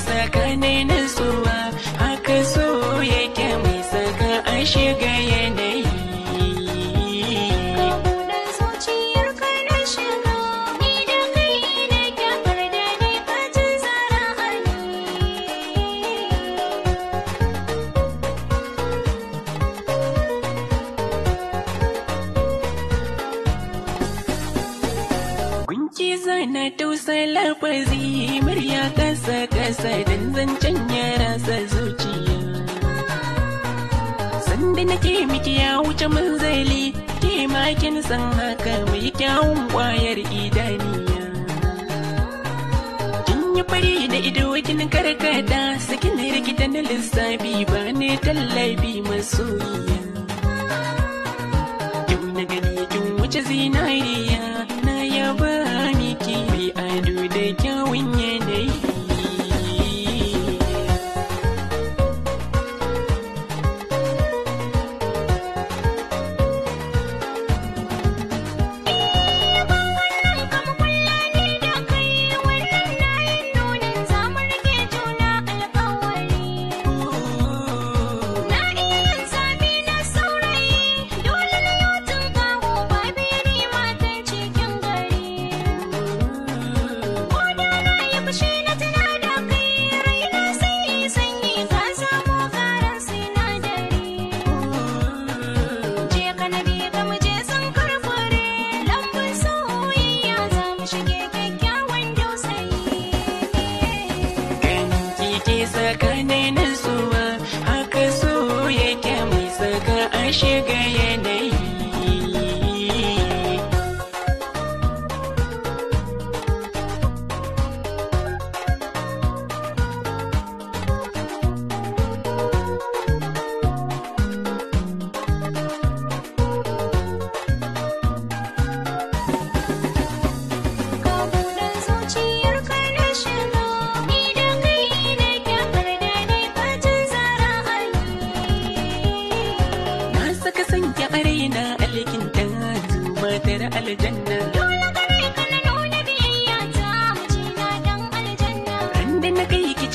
sakanin Ki zana tausa lafazi murya kasa kasa dan zancen yara sa zuciya. Sanda nake miki ya wuce manzali ke makin san haka mai kyawun kwayar idaniya. Kin yi fari da ido kin karkata sakin rikita na lissafi ba ne tallabi masoyi.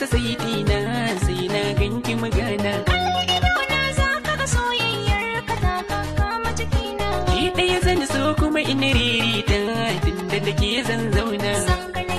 sa sai dina sai na ganki magana Allah ne da wannan zaka soyayya kaka kaka mace kina ki dai zan so kuma in ririta tunda nake zan zauna